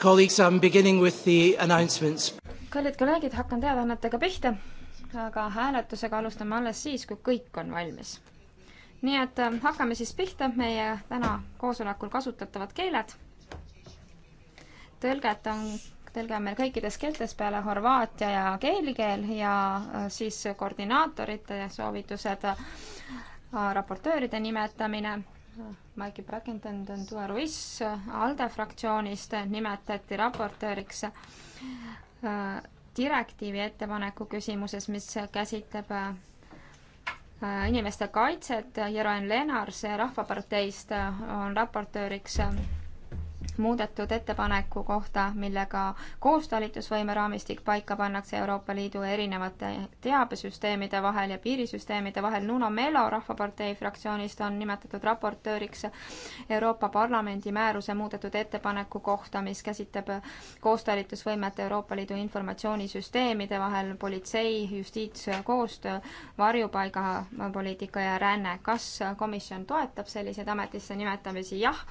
Colleagues, I am beginning with the announcements. kallid kolleegid, hakkan teadaannetega pihta, aga hääletusega alustame alles siis, kui kõik on valmis. nii et äh, hakkame siis pihta, meie täna koosolekul kasutatavad keeled. tõlget on, tõlge on meil kõikides keeltes peale horvaatia ja keelikeel ja äh, siis koordinaatorite soovitused, äh, raportööride nimetamine Maiki Bräkenden Tundua Ruiz ALDE fraktsioonist nimetati raportööriks äh, direktiivi ettepaneku küsimuses, mis käsitleb äh, inimeste kaitset. Jeroen Lenars Rahvaparteist on raportööriks muudetud ettepaneku kohta, millega koostalitusvõime raamistik paika pannakse Euroopa Liidu erinevate teabesüsteemide vahel ja piirisüsteemide vahel. Nuno Melo Rahvapartei fraktsioonist on nimetatud raportööriks Euroopa Parlamendi määruse muudetud ettepaneku kohta, mis käsitleb koostalitusvõimet Euroopa Liidu informatsioonisüsteemide vahel politsei, justiitskoostöö, varjupaigapoliitika ja ränne. kas komisjon toetab selliseid ametisse nimetamisi? jah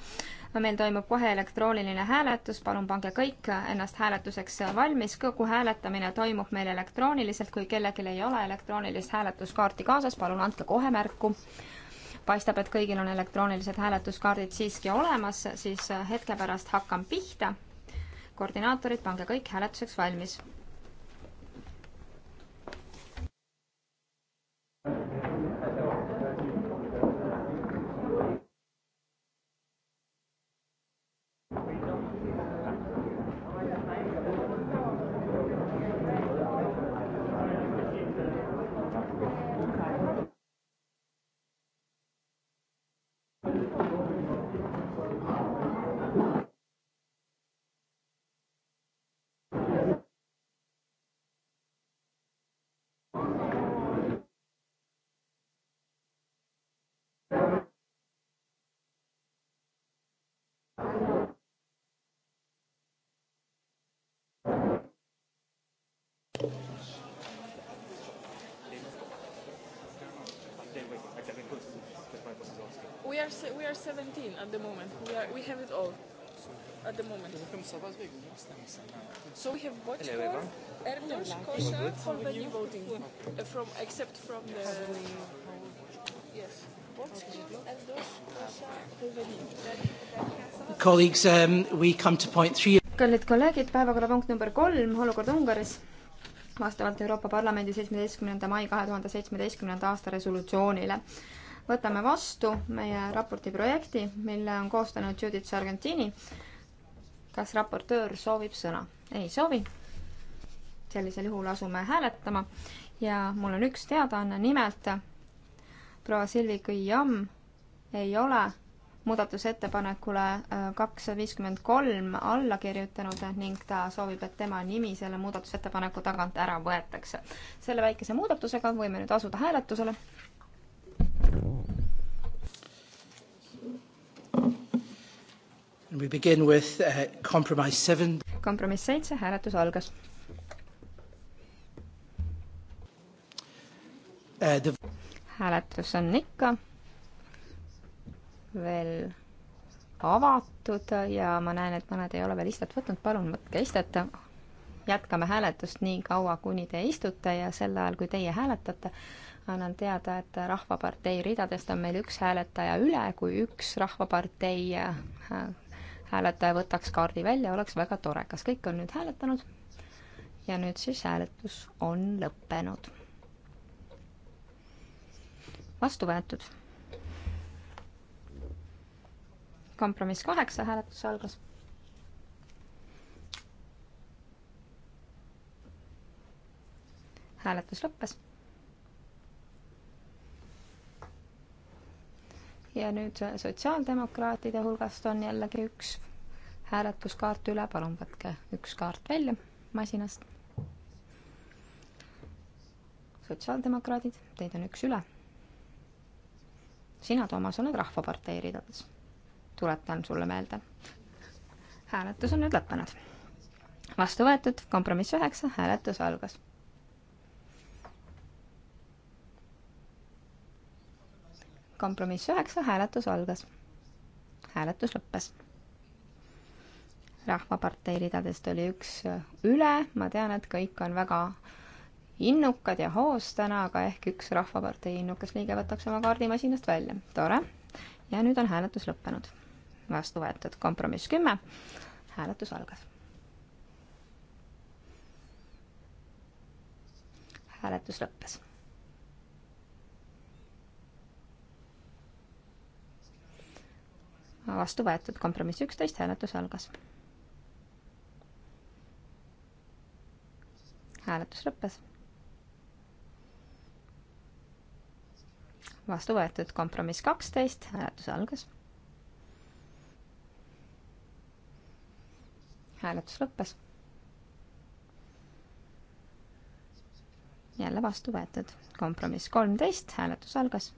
meil toimub kohe elektrooniline hääletus, palun pange kõik ennast hääletuseks valmis, kogu hääletamine toimub meil elektrooniliselt, kui kellelgi ei ole elektroonilist hääletuskaarti kaasas, palun andke kohe märku. paistab, et kõigil on elektroonilised hääletuskaardid siiski olemas, siis hetke pärast hakkan pihta. koordinaatorid, pange kõik hääletuseks valmis. are we are 17 at the moment. We are we have it all at the moment. So we have Bochkov, Erdos, Kosha for the new voting, uh, from except from the yes. Colleagues, um, we come to point three. kallid kolleegid, päevakorrapunkt number kolm, olukord Ungaris. vastavalt Euroopa Parlamendi seitsmeteistkümnenda mai kahe tuhande seitsmeteistkümnenda aasta resolutsioonile võtame vastu meie raporti projekti, mille on koostanud Judith Sargentini. kas raportöör soovib sõna? ei soovi. sellisel juhul asume hääletama ja mul on üks teadaanne, nimelt proua Silvi Kõiamm ei ole muudatusettepanekule äh, kakssada viiskümmend kolm alla kirjutanud ning ta soovib, et tema nimi selle muudatusettepaneku tagant ära võetakse. selle väikese muudatusega võime nüüd asuda hääletusele. We begin with uh, compromise seven. kompromiss seitse, hääletus algas uh,. The... hääletus on ikka veel avatud ja ma näen, et mõned ei ole veel istet võtnud, palun võtke istet. jätkame hääletust nii kaua, kuni te istute ja sel ajal, kui teie hääletate, annan teada, et Rahvapartei ridadest on meil üks hääletaja üle, kui üks Rahvapartei äh, hääletaja võtaks kaardi välja, oleks väga tore. kas kõik on nüüd hääletanud? ja nüüd siis hääletus on lõppenud. vastu võetud. kompromiss kaheksa, hääletus algas. hääletus lõppes ja nüüd sotsiaaldemokraatide hulgast on jällegi üks hääletuskaart üle, palun võtke üks kaart välja masinast. sotsiaaldemokraadid, teid on üks üle. sina, Toomas, oled Rahvapartei ridades. tuletan sulle meelde. hääletus on nüüd lõppenud. vastu võetud, kompromiss üheksa, hääletus algas kompromiss üheksa, hääletus algas. hääletus lõppes. rahvapartei ridadest oli üks üle, ma tean, et kõik on väga innukad ja hoos täna, aga ehk üks Rahvapartei innukas liige võtaks oma kaardi masinast välja. tore. ja nüüd on hääletus lõppenud. vastu võetud kompromiss kümme. hääletus algas. hääletus lõppes vastu võetud, kompromiss üksteist, hääletus algas. hääletus lõppes. vastu võetud, kompromiss kaksteist, hääletus algas. hääletus lõppes. jälle vastu võetud, kompromiss kolmteist, hääletus algas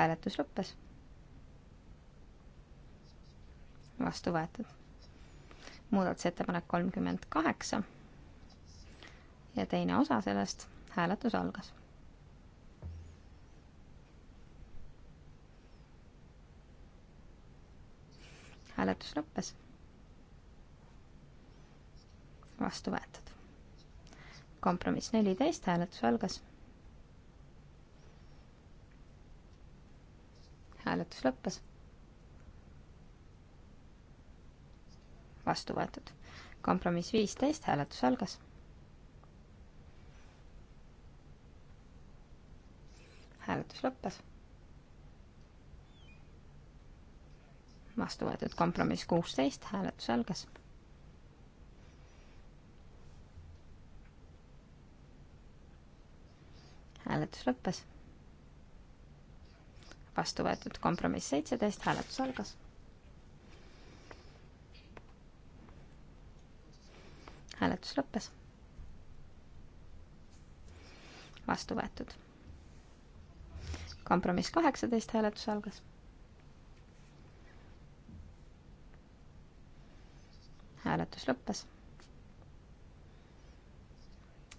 hääletus lõppes. vastu võetud. muudatusettepanek kolmkümmend kaheksa ja teine osa sellest, hääletus algas. hääletus lõppes. vastu võetud. kompromiss neliteist, hääletus algas hääletus lõppes. vastu võetud. kompromiss viisteist, hääletus algas. hääletus lõppes. vastu võetud kompromiss kuusteist, hääletus algas. hääletus lõppes vastu võetud. kompromiss seitseteist, hääletus algas. hääletus lõppes. vastu võetud. kompromiss kaheksateist, hääletus algas. hääletus lõppes.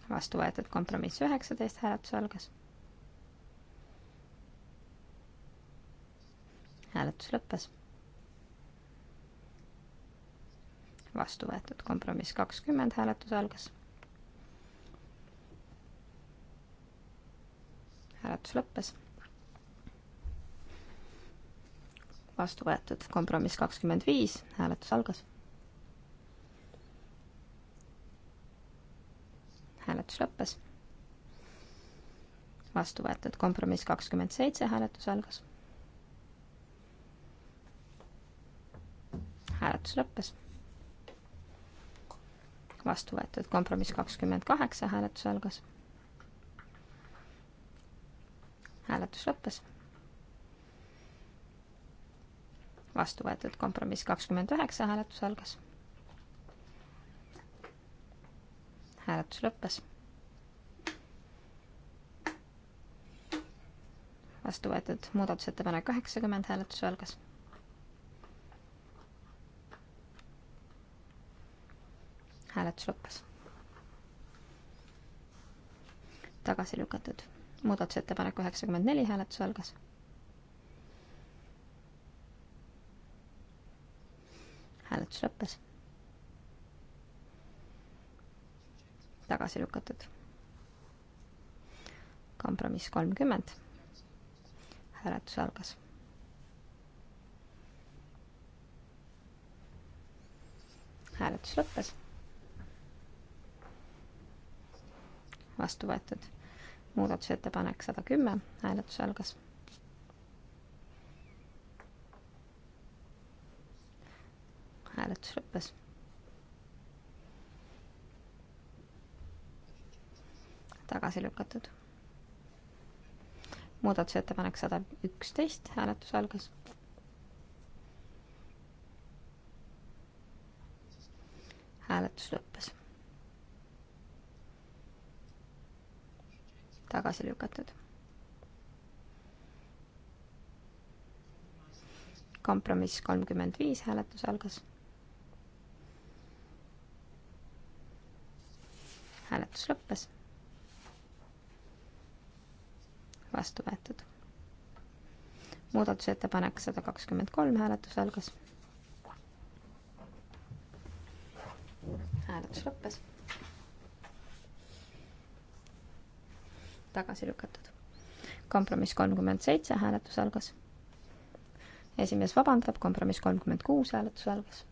vastu võetud kompromiss üheksateist, hääletus algas hääletus lõppes. vastu võetud kompromiss kakskümmend, hääletus algas. hääletus lõppes. vastu võetud kompromiss kakskümmend viis, hääletus algas. hääletus lõppes vastu võetud kompromiss kakskümmend seitse, hääletus algas hääletus lõppes. vastu võetud kompromiss kakskümmend kaheksa, hääletus algas. hääletus lõppes. vastu võetud kompromiss kakskümmend üheksa, hääletus algas. hääletus lõppes. vastu võetud muudatusettepanek kaheksakümmend, hääletus algas hääletus lõppes. tagasi lükatud. muudatusettepanek üheksakümmend neli, hääletus algas. hääletus lõppes. tagasi lükatud. kompromiss kolmkümmend. hääletus algas. hääletus lõppes vastu võetud. muudatusettepanek sada kümme, hääletus algas. hääletus lõppes. tagasi lükatud. muudatusettepanek sada üksteist, hääletus algas hääletus lõppes tagasi lükatud. kompromiss kolmkümmend viis hääletus algas. hääletus lõppes. vastu võetud. muudatusettepanek sada kakskümmend kolm hääletus algas. hääletus lõppes tagasi lükatud. kompromiss kolmkümmend seitse, hääletus algas. esimees vabandab, kompromiss kolmkümmend kuus, hääletus algas.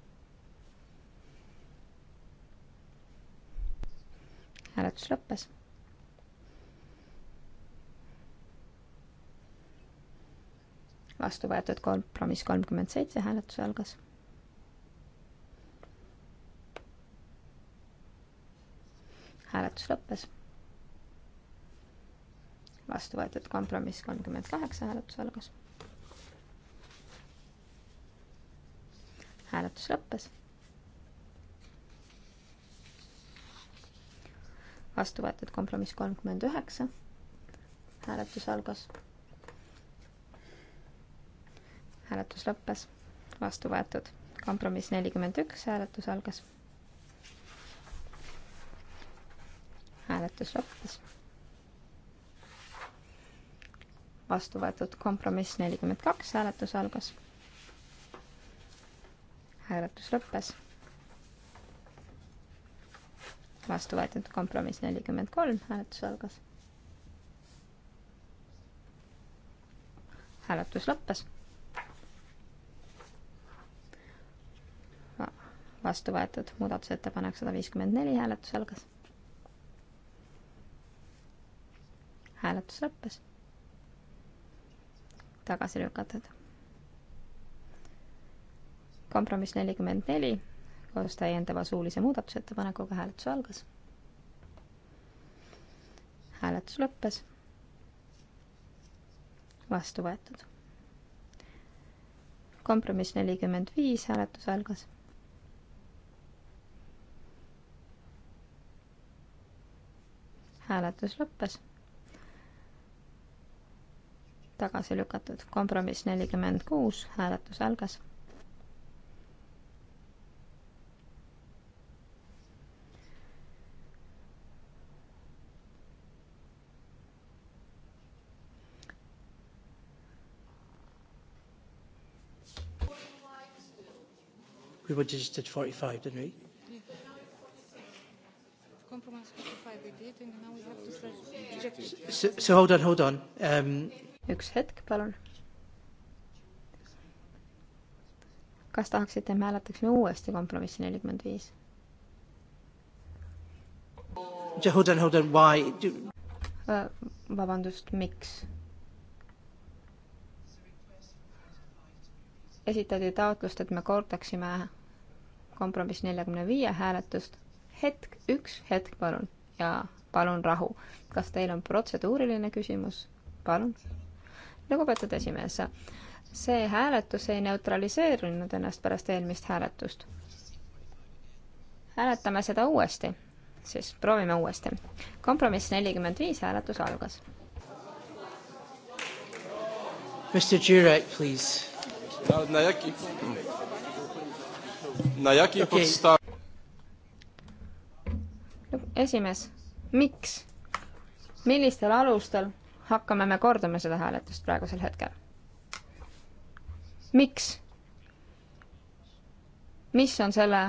hääletus lõppes. vastu võetud kompromiss kolmkümmend seitse, hääletus algas hääletus lõppes vastu võetud kompromiss kolmkümmend kaheksa, hääletus algas. hääletus lõppes. vastu võetud kompromiss kolmkümmend üheksa, hääletus algas. hääletus lõppes, vastu võetud kompromiss nelikümmend üks, hääletus algas. hääletus lõppes vastu võetud kompromiss nelikümmend kaks, hääletus algas. hääletus lõppes. vastu võetud kompromiss nelikümmend kolm, hääletus algas. hääletus lõppes. vastu võetud muudatusettepanek sada viiskümmend neli, hääletus algas. hääletus lõppes tagasi lükatud. kompromiss nelikümmend neli koos täiendava suulise muudatusettepanekuga hääletus algas. hääletus lõppes. vastu võetud. kompromiss nelikümmend viis, hääletus algas. hääletus lõppes tagasi lükatud. kompromiss nelikümmend kuus, hääletus algas. We registered 45, didn't we? Compromise 45 we did, and now we have to start rejection. So, so hold on, hold on. Um, üks hetk, palun. kas tahaksite, et me hääletaksime uuesti kompromissi nelikümmend viis? Hold on, hold on, why do...? vabandust, miks? esitati taotlust, et me kordaksime kompromiss neljakümne viie hääletust. hetk, üks hetk, palun ja palun rahu. kas teil on protseduuriline küsimus? palun lugupeetud esimees, see hääletus ei neutraliseerinud ennast pärast eelmist hääletust. hääletame seda uuesti, siis proovime uuesti. kompromiss nelikümmend viis, hääletus algas. Mr Jurek, please. Najaki. Najaki okay. podsta-. esimees, miks? millistel alustel hakkame me kordama seda hääletust praegusel hetkel. miks? mis on selle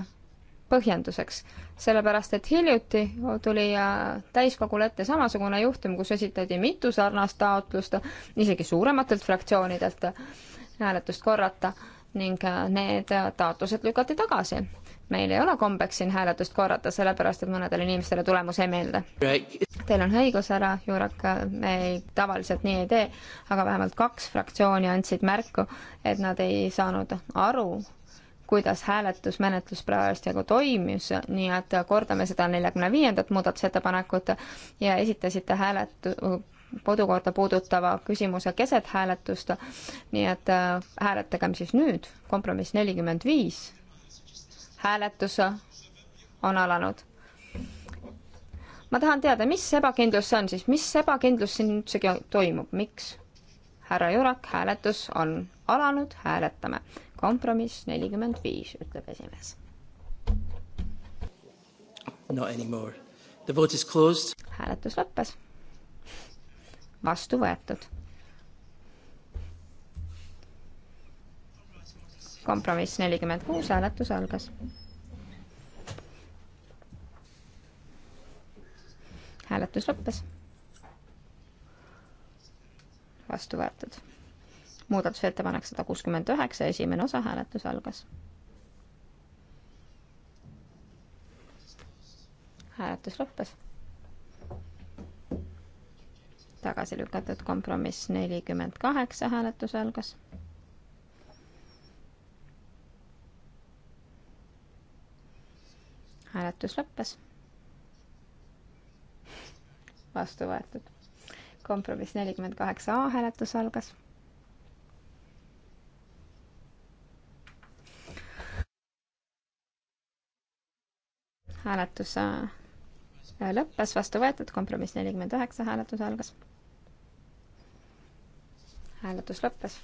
põhjenduseks? sellepärast, et hiljuti tuli äh, täiskogule ette samasugune juhtum, kus esitati mitu sarnast taotlust, isegi suurematelt fraktsioonidelt äh, hääletust korrata ning äh, need taotlused lükati tagasi meil ei ole kombeks siin hääletust korrata, sellepärast et mõnedele inimestele tulemus ei meeldi. Teil on õigus, härra Juurak, me ei, tavaliselt nii ei tee, aga vähemalt kaks fraktsiooni andsid märku, et nad ei saanud aru, kuidas hääletusmenetlus praegu toimis, nii et kordame seda neljakümne viiendat muudatusettepanekut ja esitasite hääletu-, kodukorda puudutava küsimuse keset hääletust, nii et äh, hääletagem siis nüüd, kompromiss nelikümmend viis hääletus on alanud. ma tahan teada, mis ebakindlus see on siis, mis ebakindlus siin üldsegi toimub, miks? härra Jurak, hääletus on alanud, hääletame. kompromiss nelikümmend viis, ütleb esimees. Not anymore. The vote is closed. hääletus lõppes. vastu võetud kompromiss nelikümmend kuus, hääletus algas. hääletus lõppes. vastu võetud. muudatusettepanek sada kuuskümmend üheksa, esimene osa, hääletus algas. hääletus lõppes. tagasi lükatud kompromiss nelikümmend kaheksa, hääletus algas hääletus lõppes. vastu võetud. kompromiss nelikümmend kaheksa A hääletus algas. hääletus äh, lõppes, vastu võetud, kompromiss nelikümmend üheksa hääletus algas. hääletus lõppes.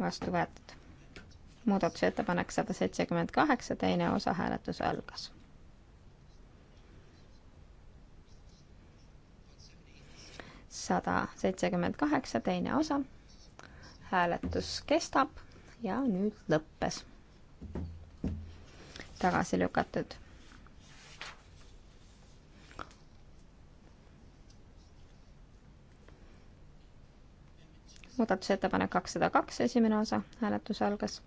vastu võetud muudatusettepanek sada seitsekümmend kaheksa, teine osa hääletus algas. sada seitsekümmend kaheksa, teine osa. hääletus kestab ja nüüd lõppes. tagasi lükatud. muudatusettepanek kakssada kaks, esimene osa, hääletus algas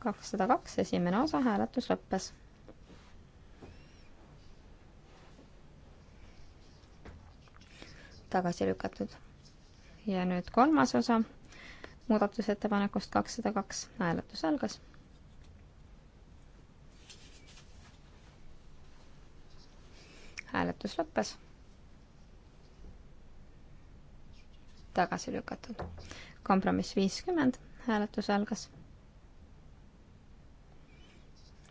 kakssada kaks, esimene osa, hääletus lõppes. tagasi lükatud. ja nüüd kolmas osa muudatusettepanekust kakssada kaks, hääletus algas. hääletus lõppes. tagasi lükatud. kompromiss viiskümmend, hääletus algas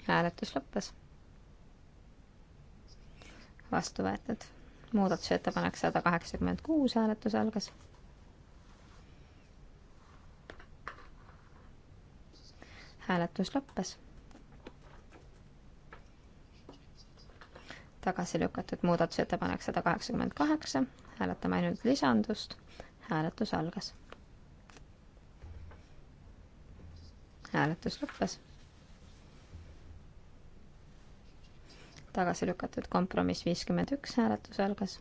hääletus lõppes. vastu võetud. muudatusettepanek sada kaheksakümmend kuus, hääletus algas. hääletus lõppes. tagasi lükatud muudatusettepanek sada kaheksakümmend kaheksa, hääletame ainult lisandust, hääletus algas. hääletus lõppes tagasi lükatud kompromiss viiskümmend üks hääletus algas.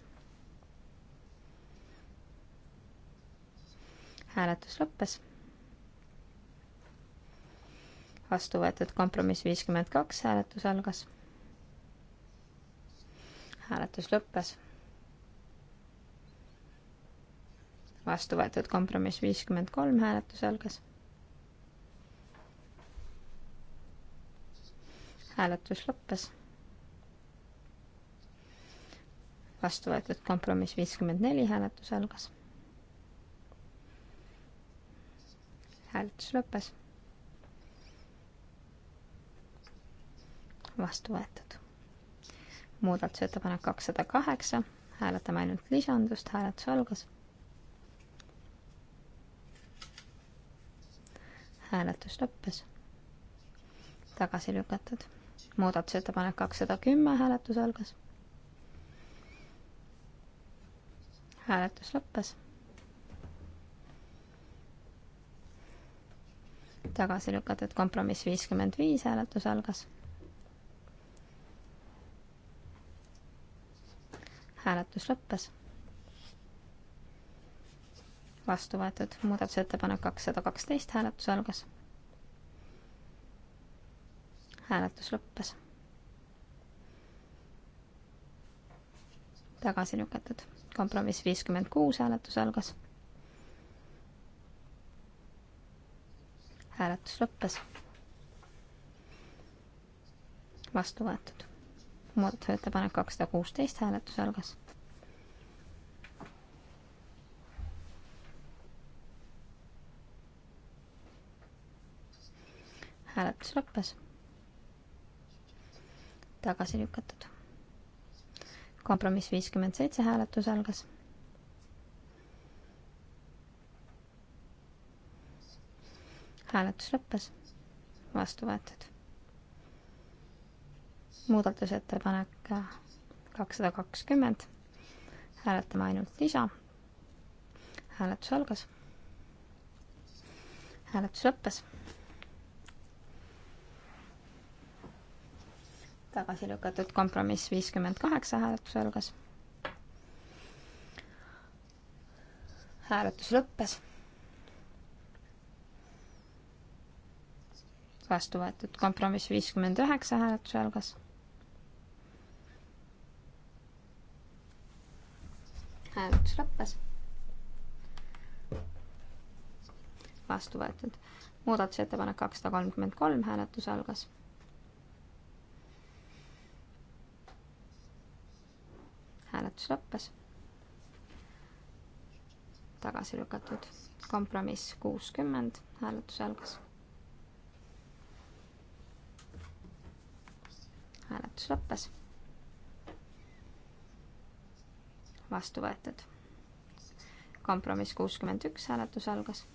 hääletus lõppes. vastu võetud kompromiss viiskümmend kaks hääletus algas. hääletus lõppes. vastu võetud kompromiss viiskümmend kolm hääletus algas hääletus lõppes. vastu võetud kompromiss viiskümmend neli, hääletus algas. hääletus lõppes. vastu võetud. muudatusettepanek kakssada kaheksa, hääletame ainult lisandust, hääletus algas. hääletus lõppes. tagasi lükatud. muudatusettepanek kakssada kümme, hääletus algas hääletus lõppes. tagasi lükatud kompromiss viiskümmend viis, hääletus algas. hääletus lõppes. vastu võetud muudatusettepanek kakssada kaksteist, hääletus algas. hääletus lõppes. tagasi lükatud kompromiss viiskümmend kuus hääletus algas. hääletus lõppes. vastu võetud. muudatusettepanek kakssada kuusteist hääletus algas. hääletus lõppes. tagasi lükatud kompromiss viiskümmend seitse hääletus algas. hääletus lõppes, vastu võetud. muudatusettepanek kakssada kakskümmend, hääletame ainult lisa. hääletus algas. hääletus lõppes tagasi lükatud kompromiss viiskümmend kaheksa hääletuse algas. hääletus lõppes. vastu võetud kompromiss viiskümmend üheksa hääletuse algas. hääletus lõppes. vastu võetud muudatusettepanek kakssada kolmkümmend kolm hääletus algas hääletus lõppes. tagasi lükatud kompromiss kuuskümmend, hääletus algas. hääletus lõppes. vastu võetud. kompromiss kuuskümmend üks, hääletus algas.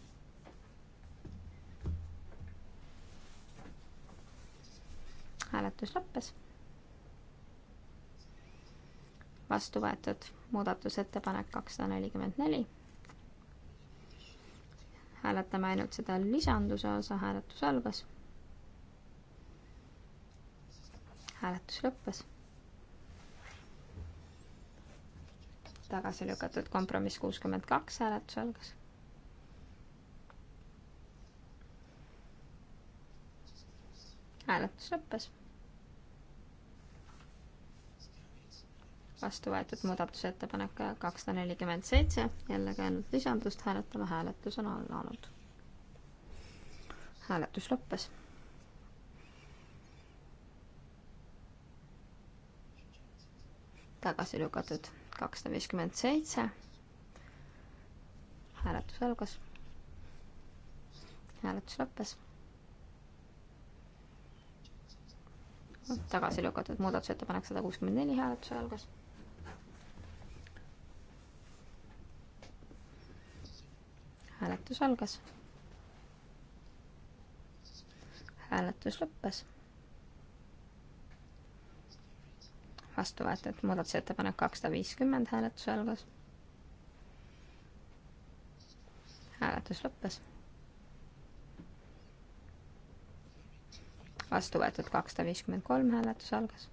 hääletus lõppes vastu võetud muudatusettepanek kakssada nelikümmend neli. hääletame ainult seda lisanduse osa, hääletus algas. hääletus lõppes. tagasi lükatud kompromiss kuuskümmend kaks, hääletus algas. hääletus lõppes vastu võetud muudatusettepanek kakssada nelikümmend seitse, jällegi ainult lisandust hääletame, hääletus on alanud. hääletus lõppes. tagasi lükatud kakssada viiskümmend seitse. hääletus algas. hääletus lõppes tagasi lükatud muudatusettepanek sada kuuskümmend neli hääletuse algas. hääletus algas. hääletus lõppes. vastu võetud muudatusettepanek kakssada viiskümmend, hääletus algas. hääletus lõppes. vastu võetud kakssada viiskümmend kolm, hääletus algas.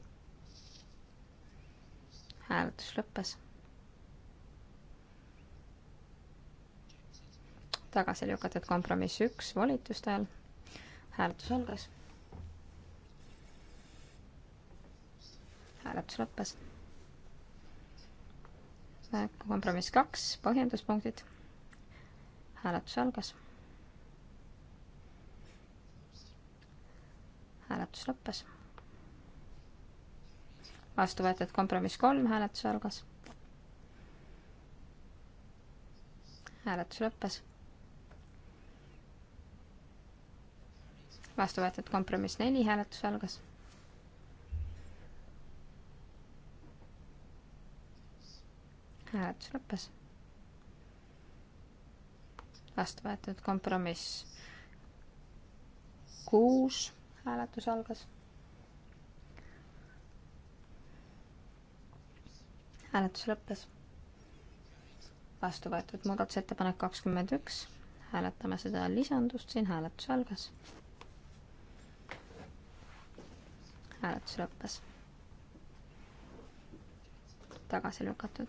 hääletus lõppes tagasi lükatud kompromiss üks volituste all. hääletus algas. hääletus lõppes. kompromiss kaks, põhjenduspunktid. hääletus algas. hääletus lõppes. vastu võetud kompromiss kolm, hääletus algas. hääletus lõppes vastu võetud kompromiss neli, hääletus algas. hääletus lõppes. vastu võetud kompromiss kuus, hääletus algas. hääletus lõppes. vastu võetud muudatusettepanek kakskümmend üks, hääletame seda lisandust siin, hääletus algas hääletus lõppes. tagasi lükatud.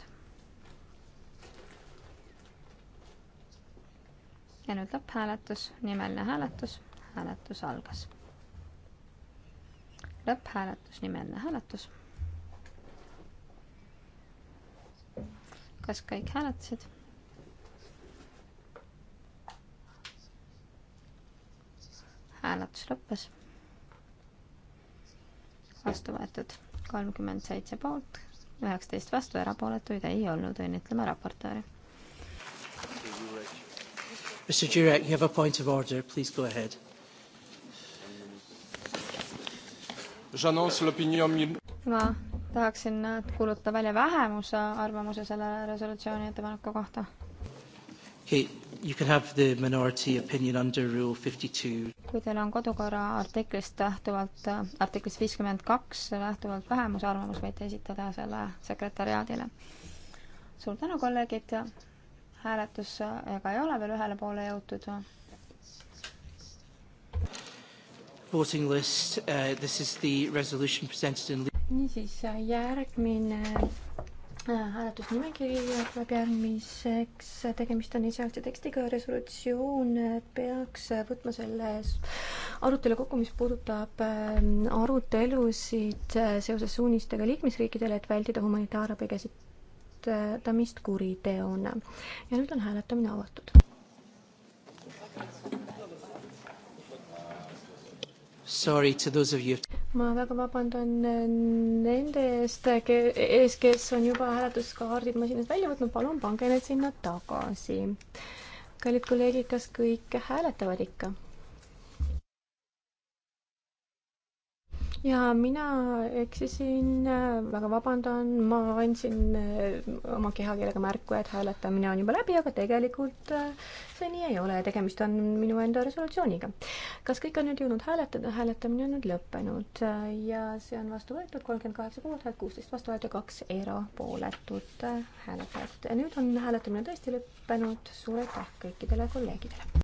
ja nüüd lõpphääletus, nimeline hääletus, hääletus algas. lõpphääletus, nimeline hääletus. kas kõik hääletasid? hääletus lõppes vastu võetud kolmkümmend seitse poolt, üheksateist vastu, erapooletuid ei olnud, õnnitleme raportööri. Mr Jurek, you have a point of order, please go ahead. ma tahaksin kuulutada välja vähemuse arvamuse selle resolutsiooni ettepaneku kohta Okay, you can have the minority opinion under rule 52. kui teil on kodukorra artiklist lähtuvalt, äh, artiklist viiskümmend kaks lähtuvalt vähemuse arvamus, võite esitada selle sekretäriaadile. suur tänu, kolleegid, hääletus äh, ega ei ole veel ühele poole jõutud. Voting list uh,, this is the resolution presented in niisiis, järgmine Äh, hääletusnimekiri peamiseks, tegemist on esialgse tekstiga, resolutsioon äh, peaks äh, võtma selle arutelu kokku, mis puudutab arutelusid seoses suunistega liikmesriikidele, et vältida humanitaarabi käsitamist kuriteona. ja nüüd on hääletamine avatud Sorry to those of you. ma väga vabandan nende eest, ees, kes on juba hääletuskaardid masinast välja võtnud, palun pange need sinna tagasi. kallid kolleegid, kas kõik hääletavad ikka? ja mina eksisin, äh, väga vabandan, ma andsin äh, oma kehakeelega märku, et hääletamine on juba läbi, aga tegelikult äh, see nii ei ole, tegemist on minu enda resolutsiooniga. kas kõik on nüüd jõudnud hääletada, hääletamine on nüüd lõppenud ja see on vastu võetud, kolmkümmend kaheksa poolthäält, kuusteist vastuhäält ja kaks erapooletut hääletajat. nüüd on hääletamine tõesti lõppenud, suur aitäh kõikidele kolleegidele!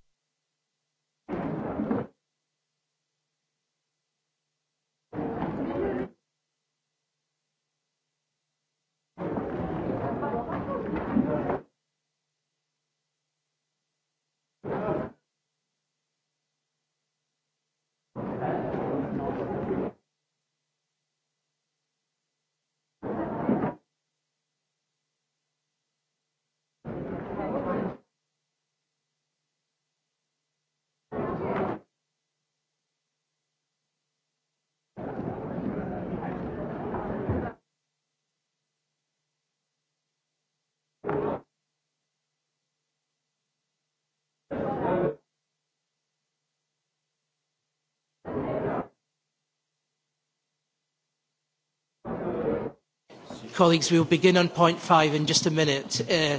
Colleagues, we will begin on point five in just a minute uh....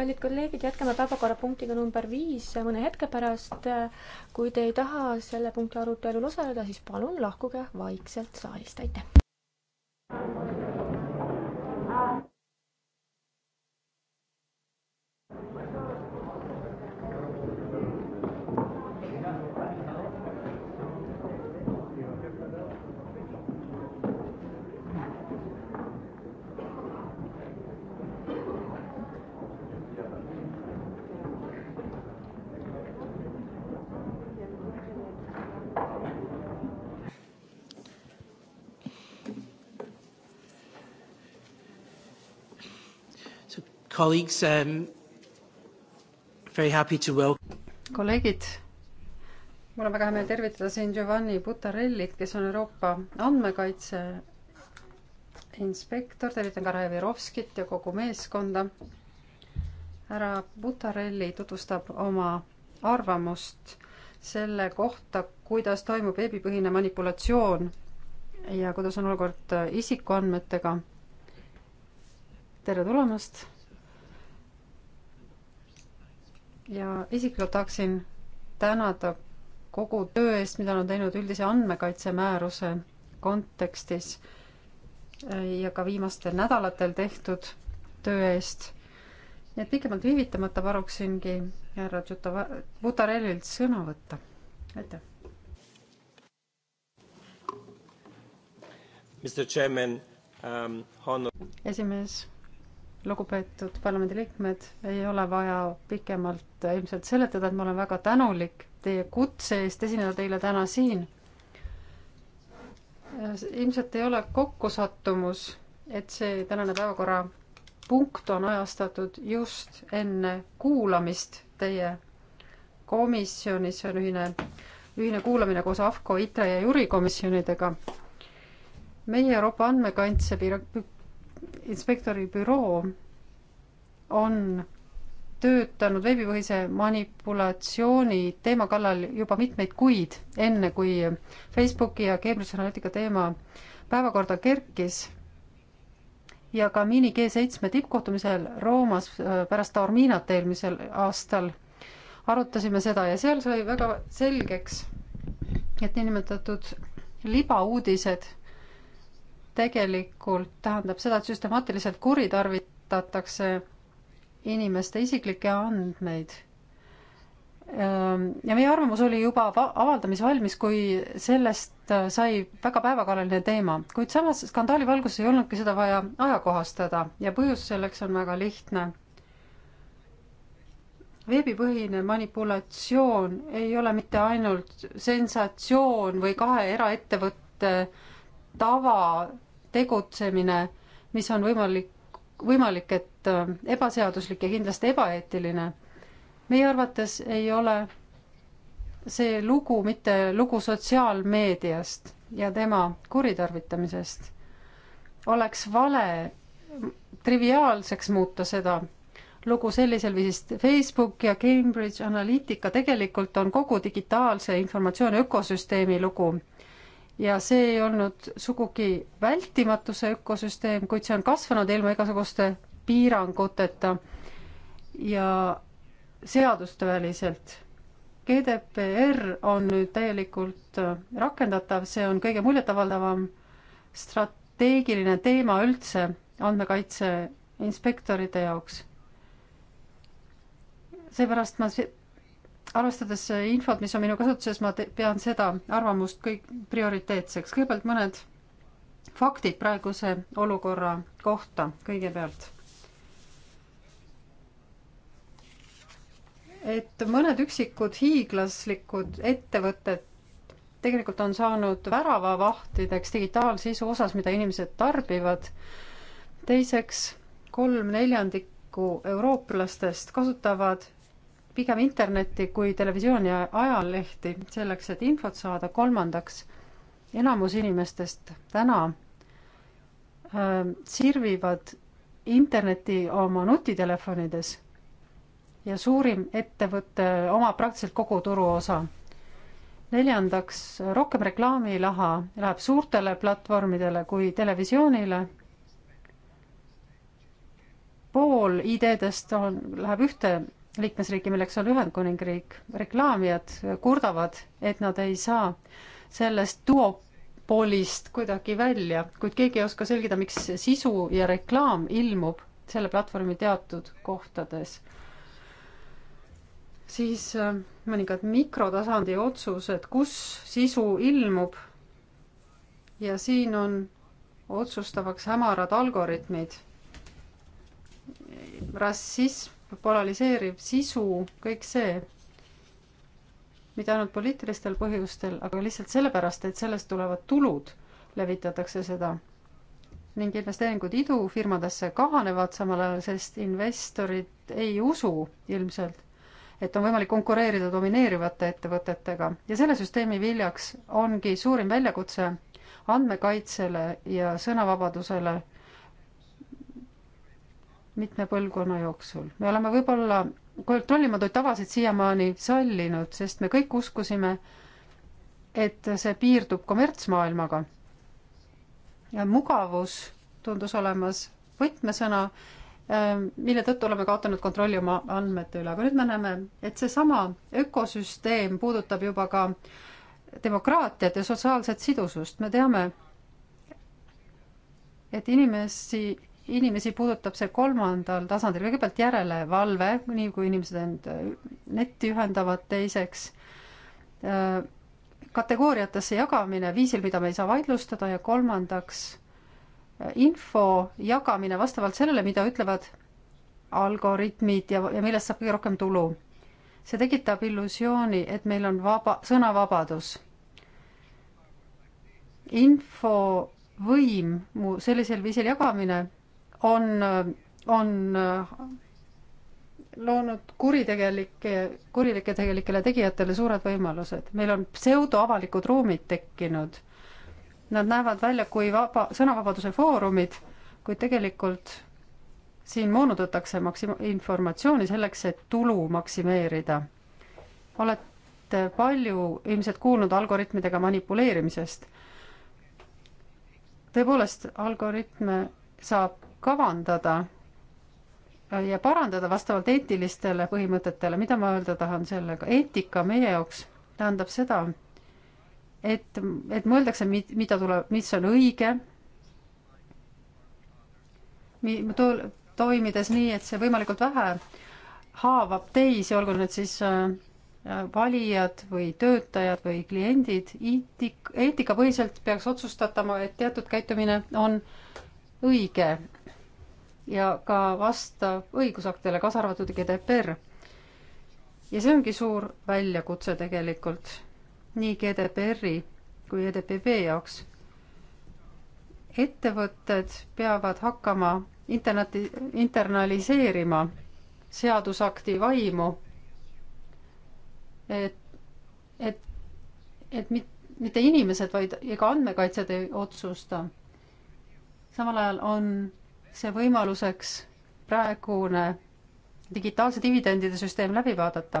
kallid kolleegid, jätkame päevakorrapunktiga number viis mõne hetke pärast. kui te ei taha selle punkti arutelul osaleda, siis palun lahkuge vaikselt saalist, aitäh. colleagues, um, very happy to welcome. kolleegid, mul on väga hea meel tervitada siin Giovanni Butarellit, kes on Euroopa andmekaitse inspektor, tervitan ka Raivo Jerovskit ja kogu meeskonda. härra Butarelli tutvustab oma arvamust selle kohta, kuidas toimub veebipõhine manipulatsioon ja kuidas on olukord isikuandmetega. tere tulemast ja isiklikult tahaksin tänada kogu töö eest, mida on teinud üldise andmekaitsemääruse kontekstis äh, ja ka viimastel nädalatel tehtud töö eest. nii et pikemalt viivitamata paluksingi härra Tšuta-, Butarellilt sõna võtta. aitäh. Um, esimees lugupeetud parlamendiliikmed, ei ole vaja pikemalt ilmselt seletada, et ma olen väga tänulik teie kutse eest esineda teile täna siin. ilmselt ei ole kokkusattumus, et see tänane päevakorra punkt on ajastatud just enne kuulamist teie komisjonis, see on ühine, ühine kuulamine koos AFCO, ITRE ja Juri komisjonidega. meie Euroopa andmekaitse piir-, inspektori büroo on töötanud veebipõhise manipulatsiooni teema kallal juba mitmeid kuid, enne kui Facebooki ja Cambridge Analytica teema päevakorda kerkis ja ka mini G7 tippkohtumisel Roomas äh, pärast Taorminat eelmisel aastal arutasime seda ja seal sai väga selgeks, et niinimetatud libauudised tegelikult tähendab seda, et süstemaatiliselt kuritarvitatakse inimeste isiklikke andmeid. Ehm, ja meie arvamus oli juba avaldamisvalmis, kui sellest äh, sai väga päevakajaline teema, kuid samas skandaali valguses ei olnudki seda vaja ajakohastada ja põhjus selleks on väga lihtne. veebipõhine manipulatsioon ei ole mitte ainult sensatsioon või kahe eraettevõtte tava tegutsemine, mis on võimalik, võimalik, et äh, ebaseaduslik ja kindlasti ebaeetiline. meie arvates ei ole see lugu mitte lugu sotsiaalmeediast ja tema kuritarvitamisest. oleks vale triviaalseks muuta seda lugu sellisel viisil, Facebook ja Cambridge Analytica tegelikult on kogu digitaalse informatsiooni ökosüsteemi lugu ja see ei olnud sugugi vältimatuse ökosüsteem, kuid see on kasvanud ilma igasuguste piiranguteta ja seadusteväliselt. GDPR on nüüd täielikult äh, rakendatav, see on kõige muljetavaldavam strateegiline teema üldse andmekaitse inspektoride jaoks. seepärast ma arvestades infot, mis on minu kasutuses, ma pean seda arvamust kõik prioriteetseks. kõigepealt mõned faktid praeguse olukorra kohta kõigepealt. et mõned üksikud hiiglaslikud ettevõtted tegelikult on saanud väravavahtideks digitaalsisu osas, mida inimesed tarbivad. teiseks, kolm neljandikku eurooplastest kasutavad pigem internetti kui televisiooni ja ajalehti selleks, et infot saada. kolmandaks, enamus inimestest täna äh, sirvivad internetti oma nutitelefonides ja suurim ettevõte omab praktiliselt kogu turuosa. neljandaks, rohkem reklaamiraha läheb suurtele platvormidele kui televisioonile pool ideedest on, läheb ühte liikmesriiki, milleks on Ühendkuningriik, reklaamijad kurdavad, et nad ei saa sellest duopolist kuidagi välja, kuid keegi ei oska selgida, miks sisu ja reklaam ilmub selle platvormi teatud kohtades. siis äh, mõningad mikrotasandi otsused, kus sisu ilmub ja siin on otsustavaks hämarad algoritmid. rassism polariseeriv sisu, kõik see, mitte ainult poliitilistel põhjustel, aga lihtsalt sellepärast, et sellest tulevad tulud, levitatakse seda. ning investeeringud idufirmadesse kahanevad samal ajal, sest investorid ei usu ilmselt, et on võimalik konkureerida domineerivate ettevõtetega ja selle süsteemi viljaks ongi suurim väljakutse andmekaitsele ja sõnavabadusele mitme põlvkonna jooksul. me oleme võib-olla kontrollimatuid tavasid siiamaani sallinud, sest me kõik uskusime, et see piirdub kommertsmaailmaga. ja mugavus tundus olemas võtmesõna, ähm, mille tõttu oleme kaotanud kontrolli oma andmete üle, aga nüüd me näeme, et seesama ökosüsteem puudutab juba ka demokraatiat ja sotsiaalset sidusust, me teame, et inimesi inimesi puudutab see kolmandal tasandil, kõigepealt järelevalve, nii kui inimesed end äh, netti ühendavad, teiseks äh, kategooriatesse jagamine viisil, mida me ei saa vaidlustada ja kolmandaks äh, info jagamine vastavalt sellele, mida ütlevad algoritmid ja, ja millest saab kõige rohkem tulu. see tekitab illusiooni, et meil on vaba, sõnavabadus. info võim mu sellisel viisil jagamine on, on äh, loonud kuritegelike, kurilike tegelikele tegijatele suured võimalused. meil on pseudoavalikud ruumid tekkinud. Nad näevad välja kui vaba, sõnavabaduse foorumid, kuid tegelikult siin moonutatakse maksima-, informatsiooni selleks, et tulu maksimeerida. olete palju ilmselt kuulnud algoritmidega manipuleerimisest. tõepoolest, algoritme saab kavandada ja parandada vastavalt eetilistele põhimõtetele, mida ma öelda tahan sellega, eetika meie jaoks tähendab seda, et, et mõeldakse, mida tuleb, mis on õige, toimides nii, et see võimalikult vähe haavab teisi, olgu need siis äh, valijad või töötajad või kliendid, eetik, eetikapõhiselt peaks otsustatama, et teatud käitumine on äh, õige ja ka vastav õigusaktidele, kaasa arvatud GDPR. ja see ongi suur väljakutse tegelikult nii GDPR-i kui EDPB jaoks. ettevõtted peavad hakkama interneti, internaliseerima seadusakti vaimu, et, et, et mit-, mitte inimesed, vaid ega andmekaitsjad ei otsusta samal ajal on see võimaluseks praegune digitaalse dividendide süsteem läbi vaadata.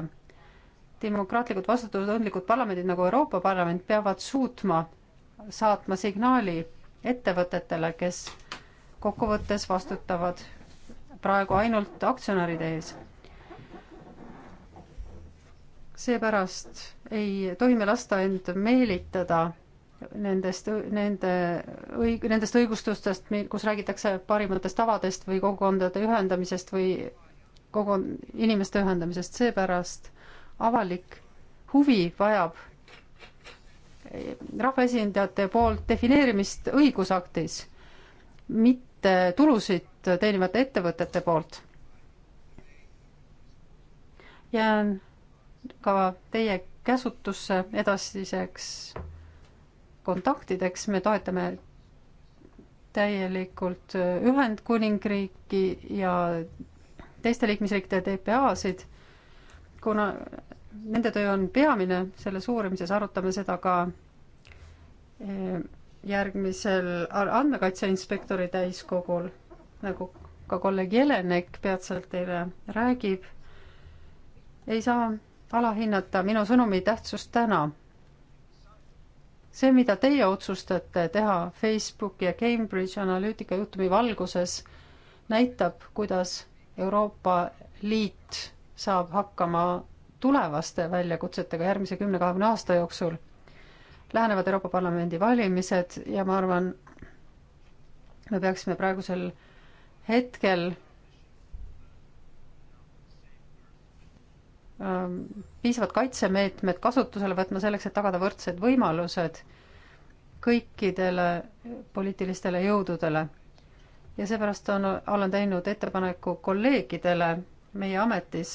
demokraatlikud vastutustundlikud parlamendid nagu Euroopa Parlament peavad suutma saatma signaali ettevõtetele, kes kokkuvõttes vastutavad praegu ainult aktsionäride ees. seepärast ei tohi me lasta end meelitada nendest, nende õig-, nendest õigustustest, kus räägitakse parimatest tavadest või kogukondade ühendamisest või kogu inimeste ühendamisest, seepärast avalik huvi vajab eh, rahvaesindajate poolt defineerimist õigusaktis, mitte tulusid teenivate ettevõtete poolt. jään ka teie käsutusse edasiseks kontaktideks, me toetame täielikult Ühendkuningriiki ja teiste liikmesriikide TPA-sid, kuna nende töö on peamine selles uurimises, arutame seda ka e, järgmisel andmekaitse inspektori täiskogul, nagu ka kolleeg Jelenek peatselt teile räägib, ei saa alahinnata minu sõnumi tähtsust täna see, mida teie otsustate teha Facebooki ja Cambridge Analytica juhtumi valguses, näitab, kuidas Euroopa Liit saab hakkama tulevaste väljakutsetega järgmise kümne-kahekümne aasta jooksul. Lähenevad Euroopa Parlamendi valimised ja ma arvan, me peaksime praegusel hetkel Ähm, piisavad kaitsemeetmed kasutusele võtma selleks, et tagada võrdsed võimalused kõikidele poliitilistele jõududele. ja seepärast on, olen teinud ettepaneku kolleegidele meie ametis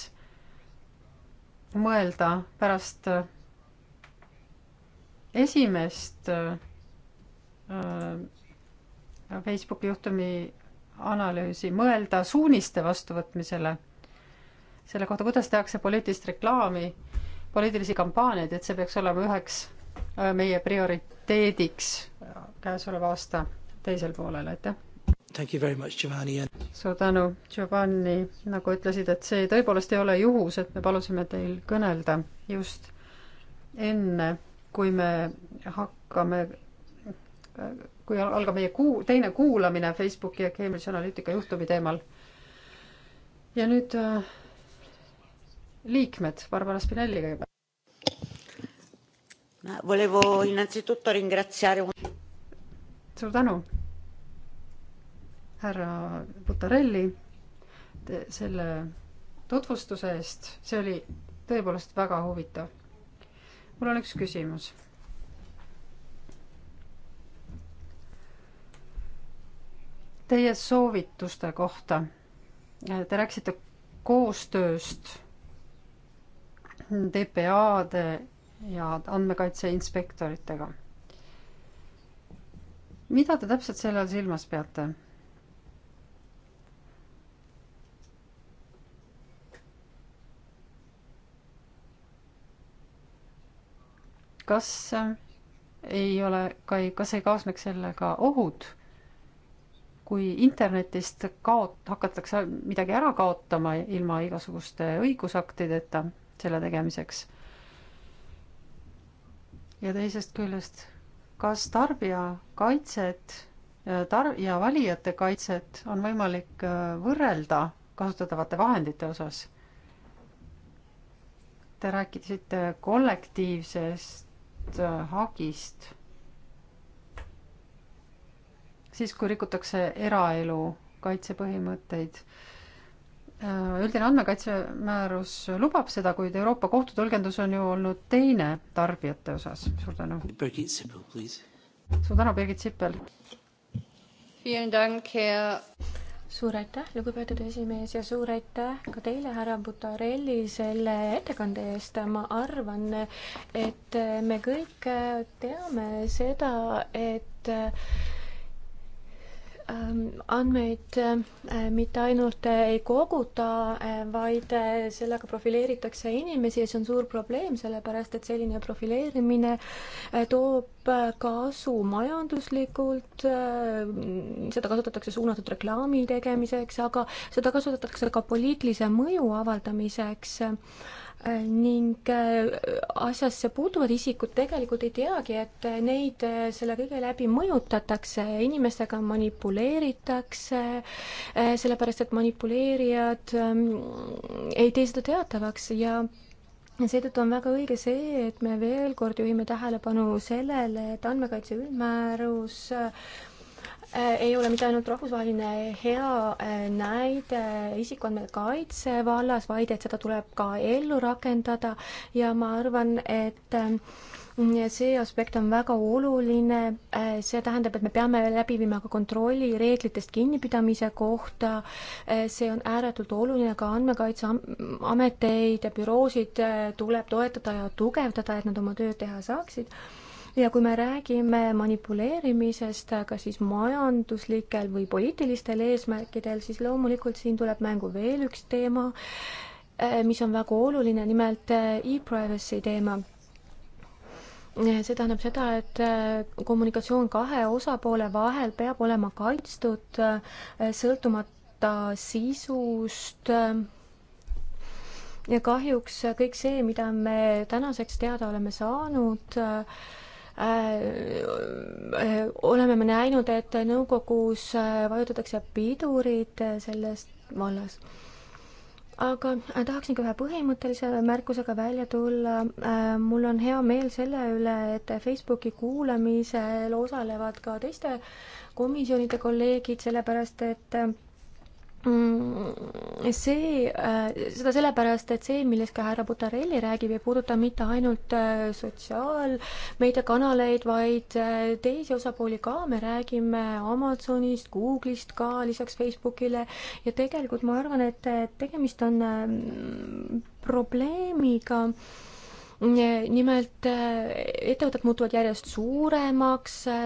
mõelda pärast äh, esimest äh, äh, Facebooki juhtumi analüüsi, mõelda suuniste vastuvõtmisele selle kohta, kuidas tehakse poliitilist reklaami, poliitilisi kampaaniaid, et see peaks olema üheks äh, meie prioriteediks äh, käesoleva aasta teisel poolel, aitäh! suur tänu, Giovanni, nagu ütlesid, et see tõepoolest ei ole juhus, et me palusime teil kõnelda just enne, kui me hakkame, kui algab meie kuu, teine kuulamine Facebooki ja Cambridge Analytica juhtumi teemal. ja nüüd äh, liikmed, Barbara Spinelli kõigepealt. suur tänu, härra Butarelli, selle tutvustuse eest, see oli tõepoolest väga huvitav. mul on üks küsimus teie soovituste kohta. Te rääkisite koostööst TPA-de ja andmekaitse inspektoritega. mida te täpselt selle all silmas peate? kas äh, ei ole ka, kas ei kaasneks sellega ohud, kui internetist kaot-, hakatakse midagi ära kaotama ilma igasuguste õigusaktideta selle tegemiseks. ja teisest küljest, kas tarbijakaitset äh, tar- ja valijate kaitset on võimalik äh, võrrelda kasutatavate vahendite osas? Te rääkisite kollektiivsest äh, hagist. siis, kui rikutakse eraelu kaitsepõhimõtteid Äh, üldine andmekaitsemäärus lubab seda, kuid Euroopa Kohtu tõlgendus on ju olnud teine tarbijate osas. suur tänu. suur tänu, Birgit Sippel. suur aitäh, lugupeetud esimees ja suur aitäh ka teile, härra Butarelli, selle ettekande eest. ma arvan, et me kõik teame seda, et Ähm, andmeid äh, mitte ainult äh, ei koguta, äh, vaid sellega profileeritakse inimesi ja see on suur probleem, sellepärast et selline profileerimine toob kasu majanduslikult, seda kasutatakse suunatud reklaami tegemiseks, aga seda kasutatakse ka poliitilise mõju avaldamiseks ning äh, asjasse puutuvad isikud tegelikult ei teagi, et neid äh, selle kõige läbi mõjutatakse, inimestega manipuleeritakse, äh, sellepärast et manipuleerijad ähm, ei tee seda teatavaks ja ja seetõttu on väga õige see, et me veel kord juhime tähelepanu sellele, et andmekaitse üldmäärus Äh, ei ole mitte ainult rahvusvaheline hea äh, näide isikuandmete kaitse vallas, vaid et seda tuleb ka ellu rakendada ja ma arvan, et ähm, see aspekt on väga oluline, äh, see tähendab, et me peame läbi viima ka kontrolli reeglitest kinnipidamise kohta, see on ääretult oluline, ka andmekaitseameteid ja büroosid tuleb toetada ja tugevdada, et nad oma tööd teha saaksid ja kui me räägime manipuleerimisest, kas siis majanduslikel või poliitilistel eesmärkidel, siis loomulikult siin tuleb mängu veel üks teema, eh, mis on väga oluline, nimelt eh, e-privacy teema eh, see tähendab seda, et kommunikatsioon kahe osapoole vahel peab olema kaitstud sõltumata sisust. ja kahjuks kõik see, mida me tänaseks teada oleme saanud, Äh, äh, oleme me näinud, et nõukogus äh, vajutatakse pidurid selles vallas aga tahaksin ka ühe põhimõttelise märkusega välja tulla. mul on hea meel selle üle, et Facebooki kuulamisel osalevad ka teiste komisjonide kolleegid, sellepärast et Mm, see, äh, seda sellepärast, et see, millest ka härra Butarelli räägib, ei puuduta mitte ainult äh, sotsiaalmeediakanaleid, vaid äh, teisi osapooli ka, me räägime Amazonist, Google'ist ka, lisaks Facebookile, ja tegelikult ma arvan, et tegemist on probleemiga, nimelt äh, ettevõtted muutuvad järjest suuremaks, äh,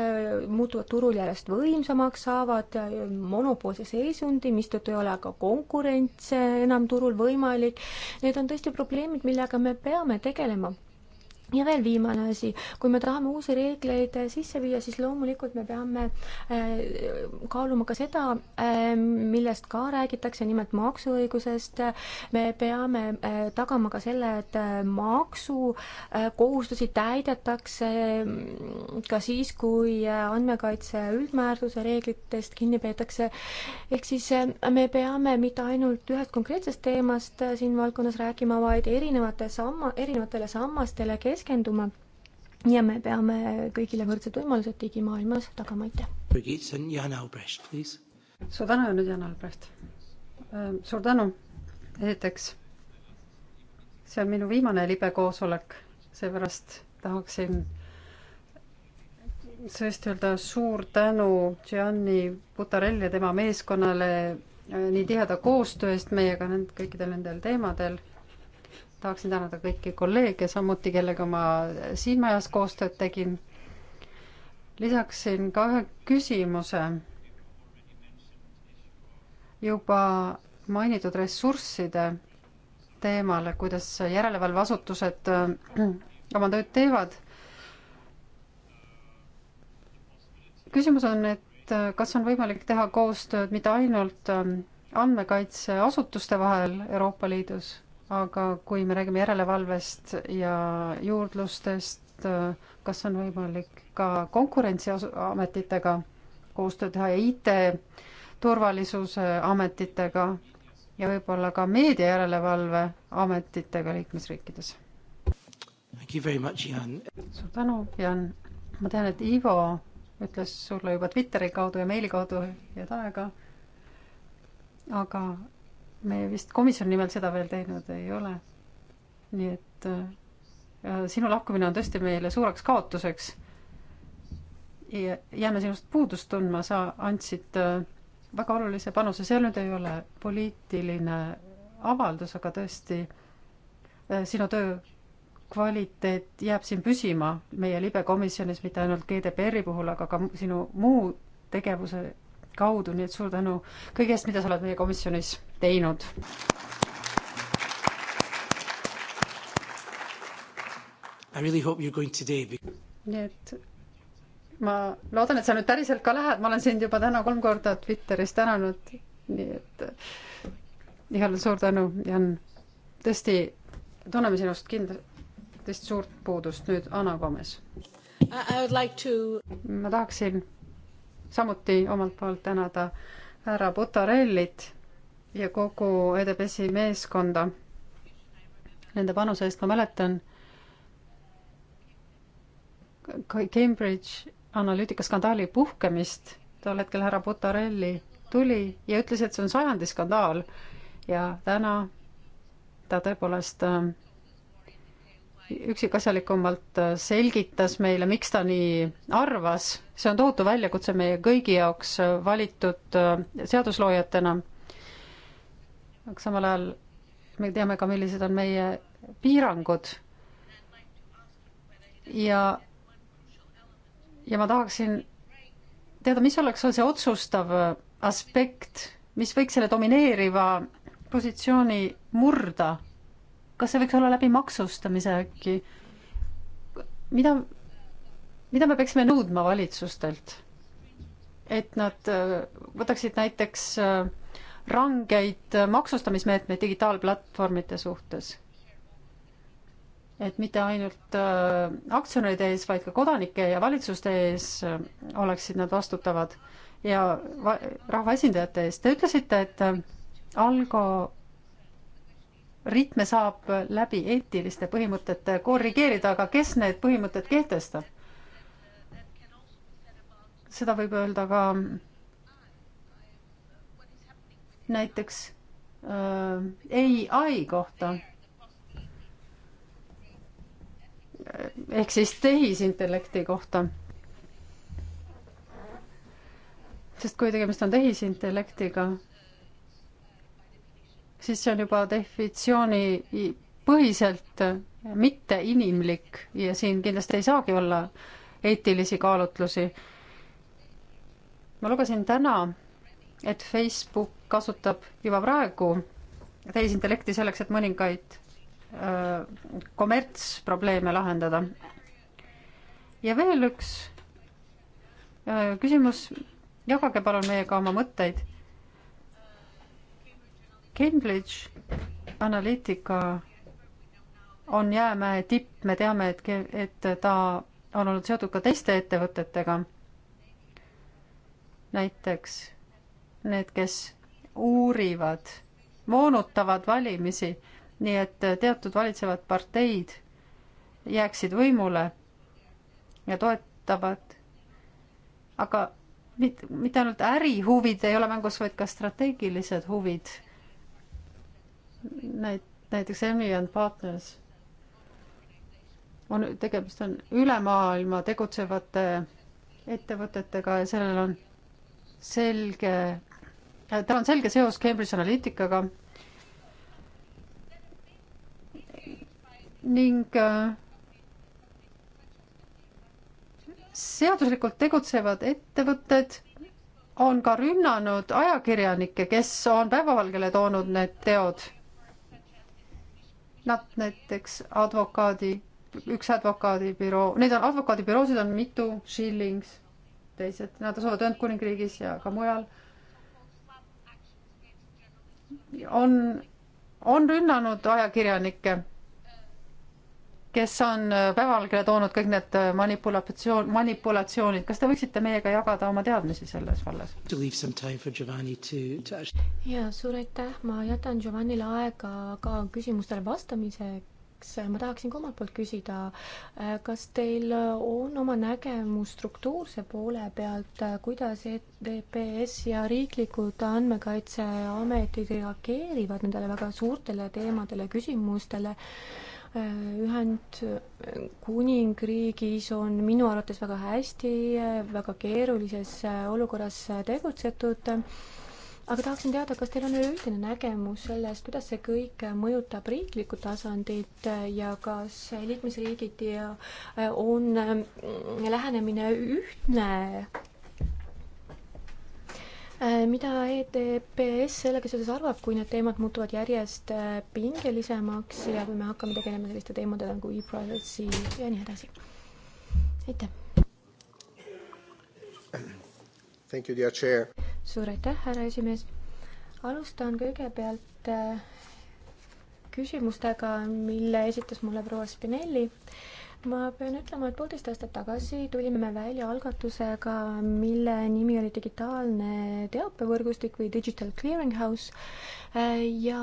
muutuvad turul järjest võimsamaks, saavad äh, monopoolse seisundi, mistõttu ei ole ka konkurents enam turul võimalik. Need on tõesti probleemid, millega me peame tegelema ja veel viimane asi, kui me tahame uusi reegleid äh, sisse viia, siis loomulikult me peame äh, kaaluma ka seda, äh, millest ka räägitakse, nimelt maksuõigusest. me peame tagama ka selle, et maksukohustusi täidetakse mm, ka siis, kui andmekaitse üldmääruse reeglitest kinni peetakse. ehk siis me peame mitte ainult ühest konkreetsest teemast siin valdkonnas rääkima, vaid erinevate samma, erinevatele sammastele keskenduma keskenduma ja me peame kõigile võrdsed võimalused digimaailmas tagama, aitäh! suur tänu ja nüüd Jan Albrecht. Ähm, suur tänu, esiteks see on minu viimane libe koosolek, seepärast tahaksin tõesti öelda suur tänu Gianni Butarelli ja tema meeskonnale äh, nii tiheda koostöö eest meiega nend-, kõikidel nendel teemadel tahaksin tänada kõiki kolleege, samuti kellega ma siin majas koostööd tegin. lisaksin ka ühe küsimuse. juba mainitud ressursside teemale, kuidas järelevalveasutused äh, oma tööd teevad. küsimus on, et äh, kas on võimalik teha koostööd mitte ainult äh, andmekaitseasutuste vahel Euroopa Liidus aga kui me räägime järelevalvest ja juurdlustest, kas on võimalik ka konkurentsiametitega koostööd teha ja IT-turvalisuse ametitega ja võib-olla ka meedia järelevalve ametitega liikmesriikides? suur tänu, Jan. ma tean, et Ivo ütles sulle juba Twitteri kaudu ja meili kaudu head aega, aga me vist komisjoni nimel seda veel teinud ei ole. nii et äh, sinu lahkumine on tõesti meile suureks kaotuseks. ja jääme sinust puudust tundma, sa andsid äh, väga olulise panuse, see nüüd ei ole poliitiline avaldus, aga tõesti äh, sinu töö kvaliteet jääb siin püsima meie libekomisjonis, mitte ainult GDPR-i puhul, aga ka sinu muu tegevuse kaudu, nii et suur tänu kõige eest, mida sa oled meie komisjonis teinud. Really nii et ma loodan, et sa nüüd päriselt ka lähed, ma olen sind juba täna kolm korda Twitteris tänanud, nii et eh, igal suur tänu, Jan. tõesti, tunneme sinust kindlasti suurt puudust, nüüd Anna Komes. Like to... ma tahaksin samuti omalt poolt tänada härra Butarellit ja kogu EDPS-i meeskonda nende panuse eest, ma mäletan, Cambridge Analytica skandaali puhkemist, tol hetkel härra Butarelli tuli ja ütles, et see on sajandi skandaal ja täna ta tõepoolest äh, üksikasjalikumalt äh, selgitas meile, miks ta nii arvas. see on tohutu väljakutse meie kõigi jaoks äh, valitud äh, seadusloojatena. aga samal ajal me teame ka, millised on meie piirangud. ja, ja ma tahaksin teada, mis oleks see otsustav aspekt, mis võiks selle domineeriva positsiooni murda kas see võiks olla läbi maksustamise äkki? mida, mida me peaksime nõudma valitsustelt? et nad äh, võtaksid näiteks äh, rangeid äh, maksustamismeetmeid digitaalplatvormide suhtes et mitte ainult äh, aktsionäride ees, vaid ka kodanike ja valitsuste ees äh, oleksid nad vastutavad ja va rahvaesindajate ees. Te ütlesite, et äh, Algo ritme saab läbi eetiliste põhimõtete korrigeerida, aga kes need põhimõtted kehtestab? seda võib öelda ka näiteks äh, ai kohta. ehk siis tehisintellekti kohta. sest kui tegemist on tehisintellektiga, siis see on juba definitsiooni põhiselt mitteinimlik ja siin kindlasti ei saagi olla eetilisi kaalutlusi. ma lugesin täna, et Facebook kasutab juba praegu tehisintellekti selleks, et mõningaid äh, kommertsprobleeme lahendada. ja veel üks öö, äh, küsimus, jagage palun meiega oma mõtteid Cambridge Analytica on jäämäe tipp, me teame, et, et ta on olnud seotud ka teiste ettevõtetega. näiteks need, kes uurivad, moonutavad valimisi, nii et teatud valitsevad parteid jääksid võimule ja toetavad, aga mitte, mitte ainult ärihuvid ei ole mängus, vaid ka strateegilised huvid näit-, näiteks EMI and Partners on, tegemist on üle maailma tegutsevate ettevõtetega ja sellel on selge, äh, tal on selge seos Cambridge Analyticaga ning äh, seaduslikult tegutsevad ettevõtted on ka rünnanud ajakirjanikke, kes on päevavalgele toonud need teod Nad näiteks advokaadi, üks advokaadibüroo, neid on, advokaadibüroosid on mitu, Shillings, teised, nad asuvad Ühendkuningriigis ja ka mujal. on, on rünnanud ajakirjanikke kes on äh, päevavalgele toonud kõik need äh, manipulatsioon, manipulatsioonid. kas te võiksite meiega jagada oma teadmisi selles vallas? ja suur aitäh, ma jätan Giovannile aega ka küsimustele vastamiseks. ma tahaksin ka omalt poolt küsida, äh, kas teil on oma nägemus struktuurse poole pealt, kuidas EDPS ja riiklikud andmekaitseametid reageerivad nendele väga suurtele teemadele, küsimustele Ühendkuningriigis on minu arvates väga hästi, väga keerulises äh, olukorras äh, tegutsetud. aga tahaksin teada, kas teil on üleüldine nägemus sellest, kuidas see kõik mõjutab riiklikku tasandit äh, ja kas liikmesriigiti on lähenemine ühtne Äh, mida EDPS sellega seoses arvab, kui need teemad muutuvad järjest äh, pingelisemaks ja kui me hakkame tegelema selliste teemadega nagu e-privacy ja nii edasi? aitäh! suur aitäh, härra esimees! alustan kõigepealt äh, küsimustega, mille esitas mulle proua Spinelli ma pean ütlema, et poolteist aastat tagasi tulime me välja algatusega, mille nimi oli digitaalne teabevõrgustik või digital clearing house. ja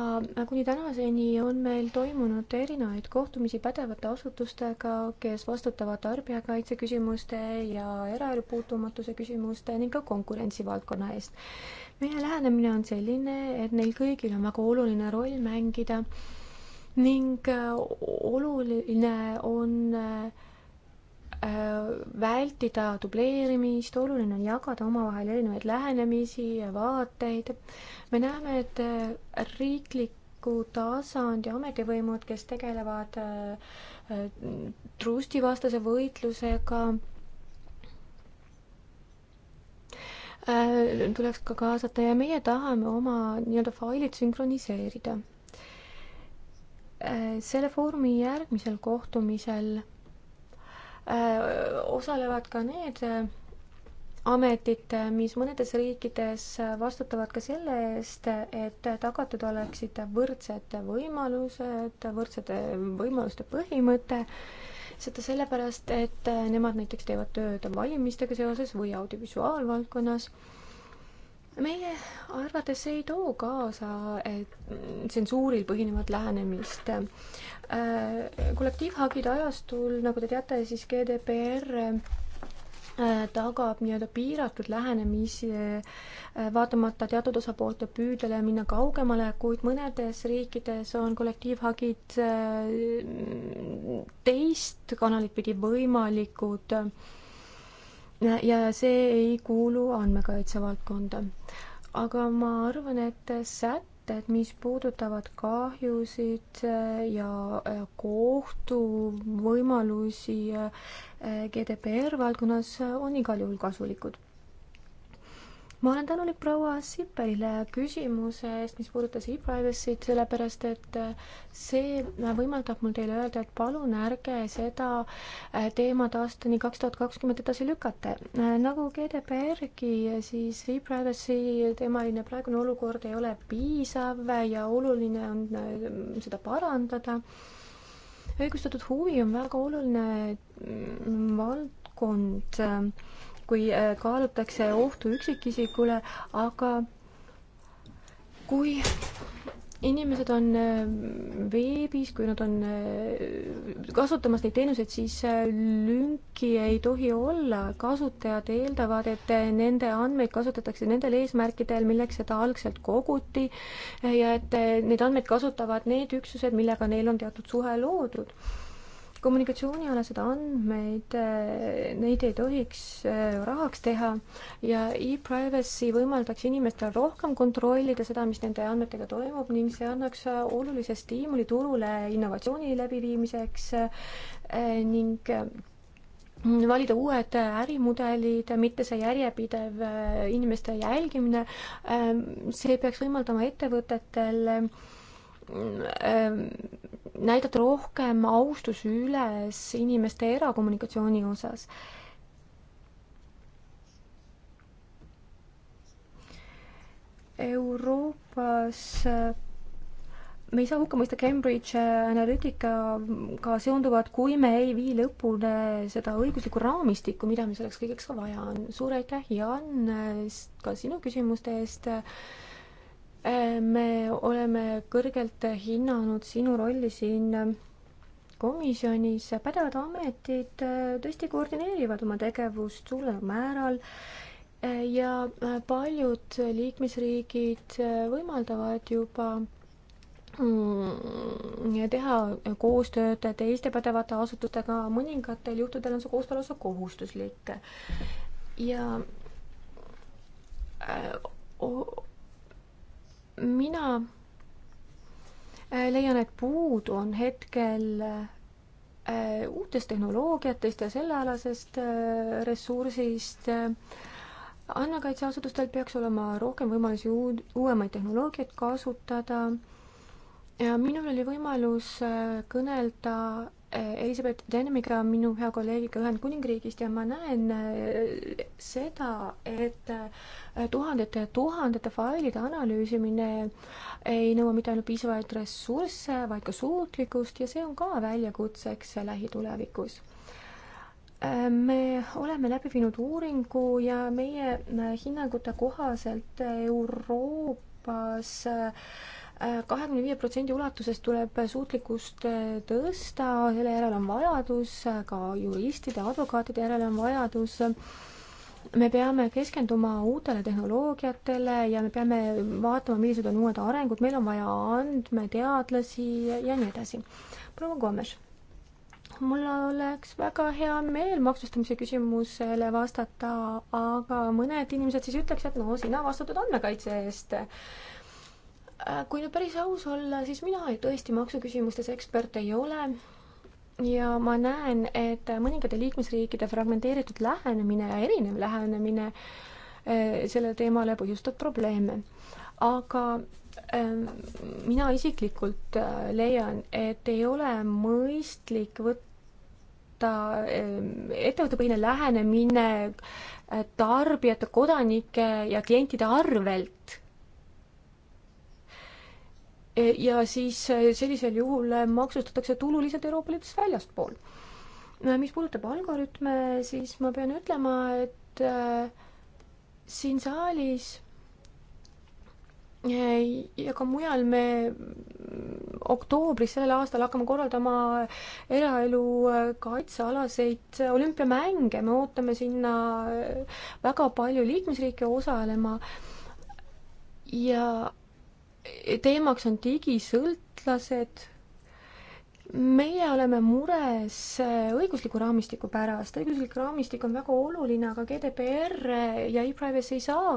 kuni tänaseni on meil toimunud erinevaid kohtumisi pädevate asutustega, kes vastutavad tarbijakaitse küsimuste ja eraelu puutumatuse küsimuste ning ka konkurentsivaldkonna eest. meie lähenemine on selline, et neil kõigil on väga oluline roll mängida ning äh, oluline on äh, äh, vältida dubleerimist, oluline on jagada omavahel erinevaid lähenemisi ja vaateid. me näeme, et riikliku tasandi ametivõimud, kes tegelevad trustivastase võitlusega, tuleks ka kaasata ja meie tahame oma nii-öelda failid sünkroniseerida Äh, selle foorumi järgmisel kohtumisel äh, osalevad ka need äh, ametid, mis mõnedes riikides vastutavad ka selle eest, et tagatud oleksid võrdsed võimalused, võrdsete võimaluste põhimõte, seda sellepärast, et nemad näiteks teevad tööd valimistega seoses või audiovisuaalvaldkonnas meie arvates see ei too kaasa tsensuuril põhinevat lähenemist. Äh, kollektiivhagide ajastul, nagu te teate, siis GDPR äh, tagab nii-öelda piiratud lähenemisi, äh, vaatamata teatud osapoolte püüdele minna kaugemale, kuid mõnedes riikides on kollektiivhagid teist kanalit pidi võimalikud ja see ei kuulu andmekaitse valdkonda. aga ma arvan, et sätt mõtted, mis puudutavad kahjusid äh, ja äh, kohtu võimalusi äh, GDPR valdkonnas, on igal juhul kasulikud ma olen tänulik proua Sipperile küsimuse eest, mis puudutas e-privacy't, sellepärast et äh, see äh, võimaldab mul teile öelda, et palun ärge seda äh, teemat aastani kaks tuhat kakskümmend edasi lükata. nagu GDPR-gi, siis e-privacy teemaline praegune olukord ei ole piisav ja oluline on seda parandada. õigustatud huvi on väga oluline mm, valdkond kui äh, kaalutakse ohtu üksikisikule, aga kui inimesed on äh, veebis, kui nad on äh, kasutamas neid teenuseid, siis lünki ei tohi olla. kasutajad eeldavad, et nende andmeid kasutatakse nendel eesmärkidel, milleks seda algselt koguti ja et neid andmeid kasutavad need üksused, millega neil on teatud suhe loodud kommunikatsioonialased andmeid, eh, neid ei tohiks eh, rahaks teha ja e-privacy võimaldaks inimestel rohkem kontrollida seda, mis nende andmetega toimub ning see annaks eh, olulise stiimuli turule innovatsiooni läbiviimiseks ning valida uued ärimudelid, mitte see järjepidev inimeste jälgimine. see peaks võimaldama ettevõtetel Ehm, näidata rohkem austusi üles inimeste erakommunikatsiooni osas. Euroopas me ei saa hukka mõista Cambridge Analyticaga seonduvat, kui me ei vii lõpule seda õiguslikku raamistikku, mida meil selleks kõigeks ka vaja on. suur aitäh, Jan, ka sinu küsimuste eest me oleme kõrgelt hinnanud sinu rolli siin komisjonis. pädevad ametid äh, tõesti koordineerivad oma tegevust suurel määral äh, ja äh, paljud liikmesriigid võimaldavad juba mm, teha koostööd teiste pädevate asutustega, mõningatel juhtudel on see koostöö lausa kohustuslik. ja mina äh, leian, et puudu on hetkel äh, uutest tehnoloogiatest ja sellealasest äh, ressursist. andmekaitseasutustel peaks olema rohkem võimalusi uuemaid tehnoloogiaid kasutada. ja minul oli võimalus kõnelda Elizabeth Denemiga, minu hea kolleegiga Ühendkuningriigist ja ma näen äh, seda, et äh, tuhandete ja tuhandete failide analüüsimine ei nõua mitte ainult piisavaid ressursse, vaid ka suutlikkust ja see on ka väljakutseks lähitulevikus äh, me oleme läbi viinud uuringu ja meie hinnangute kohaselt Euroopas kahekümne viie protsendi ulatuses tuleb suutlikkust äh, tõsta, selle järele on vajadus, ka juristide, advokaatide järele on vajadus me peame keskenduma uutele tehnoloogiatele ja me peame vaatama, millised on uued arengud, meil on vaja andmeteadlasi ja nii edasi. proua Gomes, mul oleks väga hea meel maksustamise küsimusele vastata, aga mõned inimesed siis ütleks, et no sina vastutad andmekaitse eest Äh, kui nüüd päris aus olla, siis mina tõesti maksuküsimustes ekspert ei ole ja ma näen, et mõningate liikmesriikide fragmenteeritud lähenemine ja erinev lähenemine äh, sellele teemale põhjustab probleeme. aga ähm, mina isiklikult äh, leian, et ei ole mõistlik võtta ähm, ettevõttepõhine lähenemine tarbijate, kodanike ja klientide arvelt ja siis eh, sellisel juhul eh, maksustatakse tulu lihtsalt Euroopa Liidust väljaspool. Eh, mis puudutab algoritme, siis ma pean ütlema, et siin saalis ja ka mujal me mm, oktoobris sellel aastal hakkame korraldama eraelu kaitsealaseid olümpiamänge, me ootame sinna väga palju liikmesriike osalema ja teemaks on digisõltlased. meie oleme mures äh, õigusliku raamistiku pärast, õiguslik raamistik on väga oluline, aga GDPR ja e-privacy ei saa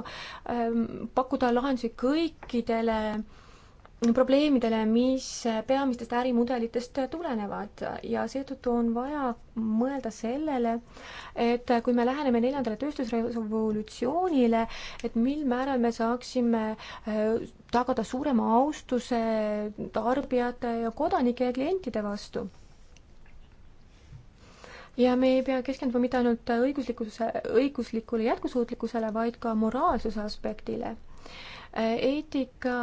ähm, pakkuda lahendusi kõikidele äh, probleemidele, mis peamistest ärimudelitest tulenevad ja seetõttu on vaja mõelda sellele, et kui me läheneme neljandale tööstusrevolutsioonile, et mil määral me saaksime äh, tagada suurema austuse tarbijate ja kodanike ja klientide vastu ja me ei pea keskenduma mitte ainult õiguslikkuse, õiguslikule jätkusuutlikkusele, vaid ka moraalsuse aspektile. Äh, eetika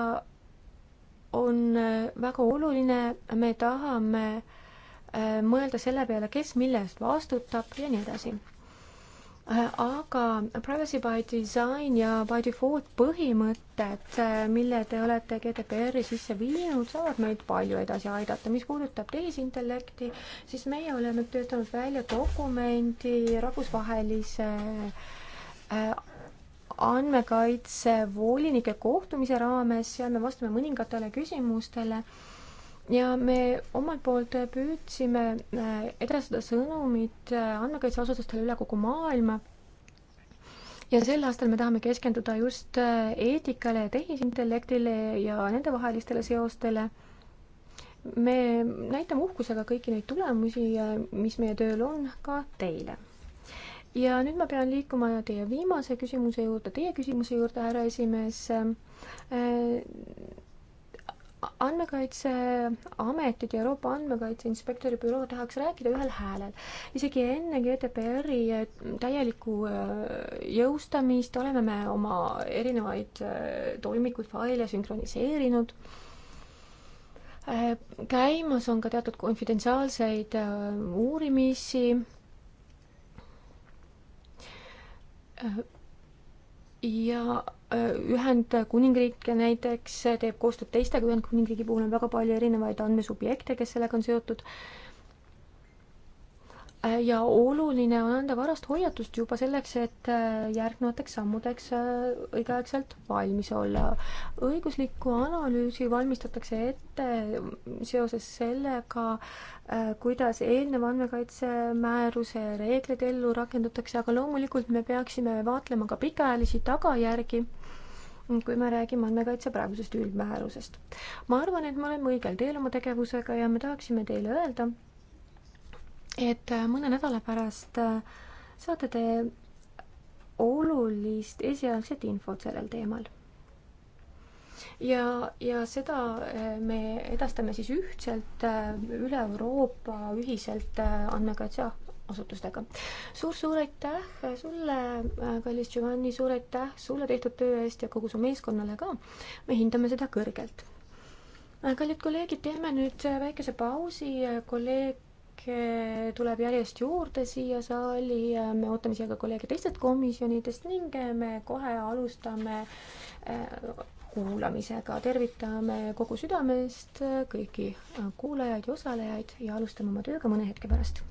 on äh, väga oluline, me tahame äh, mõelda selle peale, kes mille eest vastutab ja nii edasi. Äh, aga privacy by design ja by default põhimõtted, mille te olete GDPR-i sisse viinud, saavad meid palju edasi aidata. mis puudutab tehisintellekti, siis meie oleme töötanud välja dokumendi rahvusvahelise andmekaitsevolinike kohtumise raames, seal me vastame mõningatele küsimustele ja me omalt poolt püüdsime äh, edastada sõnumit äh, andmekaitseasutustele üle kogu maailma. ja sel aastal me tahame keskenduda just äh, eetikale ja tehisintellektile ja nendevahelistele seostele. me näitame uhkusega kõiki neid tulemusi, mis meie tööl on, ka teile ja nüüd ma pean liikuma teie viimase küsimuse juurde, teie küsimuse juurde, härra esimees äh, andmekaitseametid ja Euroopa Andmekaitse Inspektori büroo tahaks rääkida ühel häälel. isegi enne GDPR-i äh, täielikku äh, jõustamist oleme me oma erinevaid toimikuid, faile sünkroniseerinud. käimas on ka teatud konfidentsiaalseid uurimisi ja äh, Ühendkuningriik näiteks äh, teeb koostööd teistega, Ühendkuningriigi puhul on väga palju erinevaid andmesubjekte, kes sellega on seotud Äh, ja oluline on anda varast hoiatust juba selleks, et äh, järgnevateks sammudeks äh, õigeaegselt valmis olla. õiguslikku analüüsi valmistatakse ette seoses sellega, kuidas eelneva andmekaitsemääruse reegleid ellu rakendatakse, aga loomulikult me peaksime vaatlema ka pikaajalisi tagajärgi kui me räägime andmekaitse praegusest üldmäärusest. ma arvan, et me oleme õigel teel oma tegevusega ja me tahaksime teile öelda, et äh, mõne nädala pärast äh, saate te olulist esialgset infot sellel teemal. ja, ja seda äh, me edastame siis ühtselt üle Euroopa ühiselt andmekaitseasutustega suur,. suur-suur aitäh sulle, kallis Giovanni, suur aitäh sulle tehtud töö eest ja kogu su meeskonnale ka. me hindame seda kõrgelt kallid kolleegid, teeme nüüd väikese pausi, kolleeg Eh, tuleb järjest juurde siia saali, me ootame siia ka kolleege teistest komisjonidest ning eh, me kohe alustame eh, kuulamisega. tervitame kogu südamest kõiki kuulajaid ja osalejaid ja alustame oma tööga mõne hetke pärast.